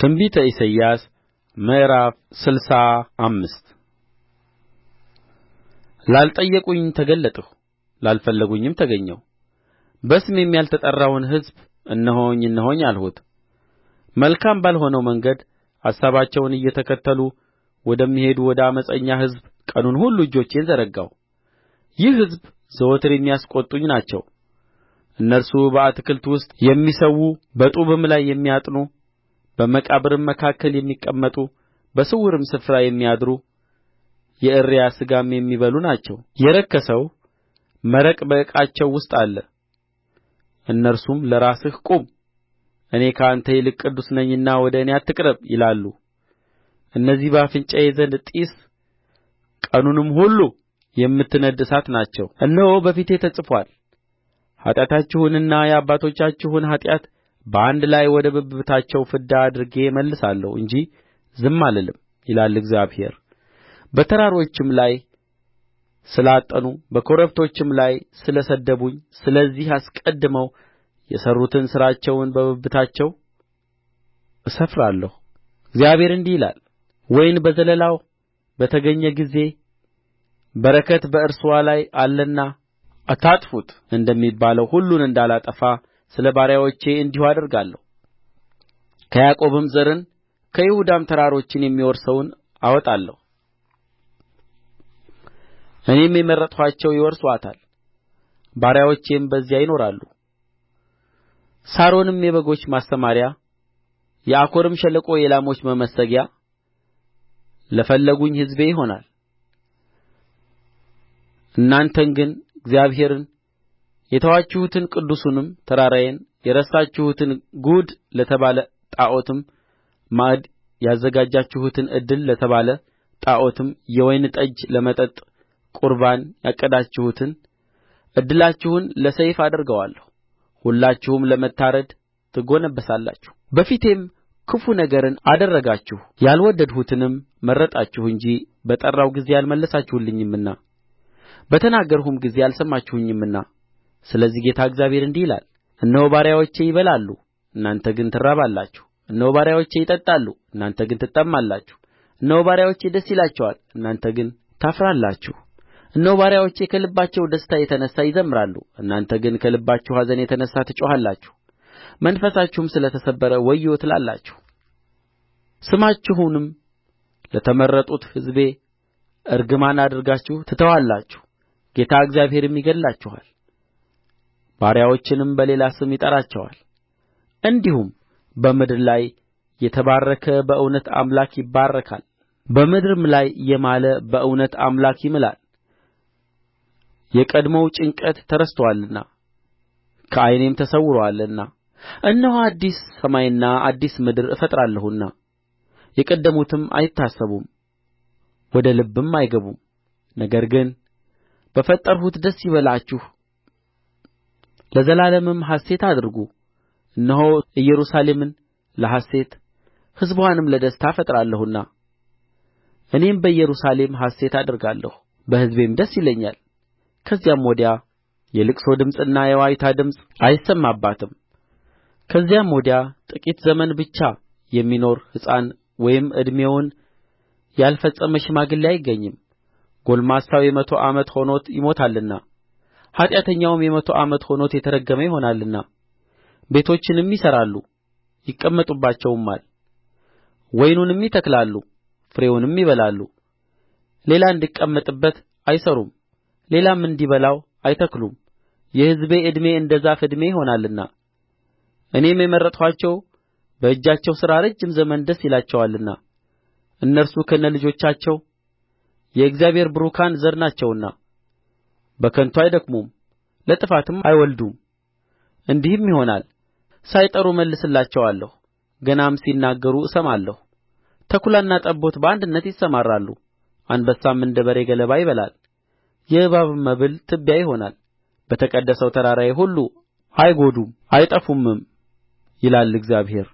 ትንቢተ ኢሳይያስ ምዕራፍ ስልሳ አምስት ላልጠየቁኝ ተገለጥሁ ላልፈለጉኝም ተገኘሁ በስሜም ያልተጠራውን ሕዝብ እነሆኝ እነሆኝ አልሁት መልካም ባልሆነው መንገድ አሳባቸውን እየተከተሉ ወደሚሄዱ ወደ ዓመፀኛ ሕዝብ ቀኑን ሁሉ እጆቼን ዘረጋሁ ይህ ሕዝብ ዘወትር የሚያስቈጡኝ ናቸው እነርሱ በአትክልት ውስጥ የሚሠዉ በጡብም ላይ የሚያጥኑ በመቃብርም መካከል የሚቀመጡ በስውርም ስፍራ የሚያድሩ የእሪያ ሥጋም የሚበሉ ናቸው የረከሰው መረቅ በዕቃቸው ውስጥ አለ እነርሱም ለራስህ ቁም እኔ ከአንተ ይልቅ ቅዱስ ነኝና ወደ እኔ አትቅረብ ይላሉ እነዚህ በአፍንጫዬ ዘንድ ጢስ ቀኑንም ሁሉ የምትነድድ እሳት ናቸው እነሆ በፊቴ ተጽፎአል ኃጢአታችሁንና የአባቶቻችሁን ኃጢአት በአንድ ላይ ወደ ብብታቸው ፍዳ አድርጌ እመልሳለሁ እንጂ ዝም አልልም ይላል እግዚአብሔር በተራሮችም ላይ ስላጠኑ በኮረብቶችም ላይ ስለ ሰደቡኝ ስለዚህ አስቀድመው የሠሩትን ሥራቸውን በብብታቸው እሰፍራለሁ እግዚአብሔር እንዲህ ይላል ወይን በዘለላው በተገኘ ጊዜ በረከት በእርስዋ ላይ አለና አታጥፉት እንደሚባለው ሁሉን እንዳላጠፋ ስለ ባሪያዎቼ እንዲሁ አደርጋለሁ ከያዕቆብም ዘርን ከይሁዳም ተራሮችን የሚወርሰውን አወጣለሁ እኔም የመረጥኋቸው ይወርሱአታል ባሪያዎቼም በዚያ ይኖራሉ ሳሮንም የበጎች ማሰማርያ የአኮርም ሸለቆ የላሞች መመሰጊያ ለፈለጉኝ ሕዝቤ ይሆናል እናንተን ግን እግዚአብሔርን የተዋችሁትን ቅዱሱንም ተራራዬን የረሳችሁትን ጉድ ለተባለ ጣዖትም ማዕድ ያዘጋጃችሁትን እድል ለተባለ ጣዖትም የወይን ጠጅ ለመጠጥ ቍርባን ያቀዳችሁትን እድላችሁን ለሰይፍ አደርገዋለሁ ሁላችሁም ለመታረድ ትጐነበሳላችሁ በፊቴም ክፉ ነገርን አደረጋችሁ ያልወደድሁትንም መረጣችሁ እንጂ በጠራሁ ጊዜ አልመለሳችሁልኝምና በተናገርሁም ጊዜ አልሰማችሁኝምና ስለዚህ ጌታ እግዚአብሔር እንዲህ ይላል እነሆ ባሪያዎቼ ይበላሉ እናንተ ግን ትራባላችሁ እነሆ ባሪያዎቼ ይጠጣሉ እናንተ ግን ትጠማላችሁ እነሆ ባሪያዎቼ ደስ ይላቸዋል እናንተ ግን ታፍራላችሁ እነሆ ባሪያዎቼ ከልባቸው ደስታ የተነሣ ይዘምራሉ እናንተ ግን ከልባችሁ ኀዘን የተነሣ ትጮኻላችሁ መንፈሳችሁም ስለ ተሰበረ ወዮ ትላላችሁ ስማችሁንም ለተመረጡት ሕዝቤ እርግማን አድርጋችሁ ትተዋላችሁ ጌታ እግዚአብሔርም ይገድላችኋል ባሪያዎችንም በሌላ ስም ይጠራቸዋል እንዲሁም በምድር ላይ የተባረከ በእውነት አምላክ ይባረካል በምድርም ላይ የማለ በእውነት አምላክ ይምላል የቀድሞው ጭንቀት ተረስቶአልና ከዓይኔም ተሰውሮአልና እነሆ አዲስ ሰማይና አዲስ ምድር እፈጥራለሁና የቀደሙትም አይታሰቡም ወደ ልብም አይገቡም ነገር ግን በፈጠርሁት ደስ ይበላችሁ ለዘላለምም ሐሤት አድርጉ እነሆ ኢየሩሳሌምን ለሐሤት ሕዝብዋንም ለደስታ እፈጥራለሁና እኔም በኢየሩሳሌም ሐሤት አደርጋለሁ በሕዝቤም ደስ ይለኛል ከዚያም ወዲያ የልቅሶ ድምፅና የዋይታ ድምፅ አይሰማባትም ከዚያም ወዲያ ጥቂት ዘመን ብቻ የሚኖር ሕፃን ወይም ዕድሜውን ያልፈጸመ ሽማግሌ አይገኝም ጕልማሳው የመቶ ዓመት ሆኖት ይሞታልና ኃጢአተኛውም የመቶ ዓመት ሆኖት የተረገመ ይሆናልና ቤቶችንም ይሠራሉ ይቀመጡባቸውማል ወይኑንም ይተክላሉ ፍሬውንም ይበላሉ ሌላ እንዲቀመጥበት አይሠሩም ሌላም እንዲበላው አይተክሉም የሕዝቤ ዕድሜ እንደ ዛፍ ዕድሜ ይሆናልና እኔም የመረጥኋቸው በእጃቸው ሥራ ረጅም ዘመን ደስ ይላቸዋልና እነርሱ ከነ ልጆቻቸው የእግዚአብሔር ቡሩካን ዘር ናቸውና በከንቱ አይደክሙም ለጥፋትም አይወልዱም እንዲህም ይሆናል ሳይጠሩ እመልስላቸዋለሁ ገናም ሲናገሩ እሰማለሁ ተኵላና ጠቦት በአንድነት ይሰማራሉ አንበሳም እንደ በሬ ገለባ ይበላል የእባብም መብል ትቢያ ይሆናል በተቀደሰው ተራራዬ ሁሉ አይጐዱም አይጠፉምም ይላል እግዚአብሔር